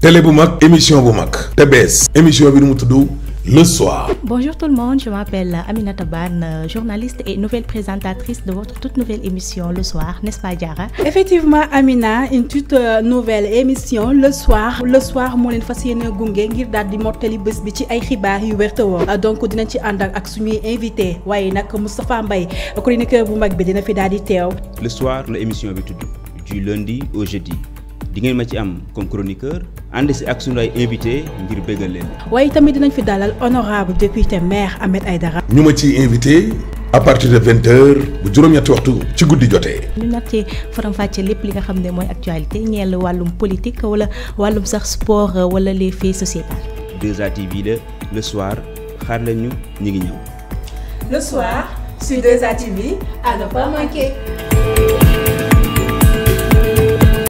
télé bu mag émission bu mag te bees émission bi nu mu tudd le soir. Bonjour tout le monde, je amina Aminata Ban, journaliste et nouvelle présentatrice de votre toute nouvelle émission Le Soir, n'est-ce pas Diara Effectivement Amina, une toute euh, nouvelle émission Le Soir. Le Soir moo leen fas yéene gunge ngir daal di mottali bés bi ci ay xibaar yu werte te wóor euh, donc dinañ ci ànd ak suñuy invité waaye nag Moustapha Mbaye chroniqueur bu mag bi dina fi daal di teew. Le Soir émission bi tudd du lundi au jeudi di ngeen ma ci am comme ànd si ak sunu ay invité ngir bëggal leen. waaye tamit dinañ fi dalal honorable député maire Ahmed Aïdara. ñu ma ciy invité à de vingt heures bu juróom-ñetti waxtu ci guddi jotee. ñu nar ci faram lépp li nga xam ne mooy actualité ñeel wàllum politique wala wàllum sax sport wala les faits sociétales. 2A TV la le soir xaar lañu ñu ngi ñëw.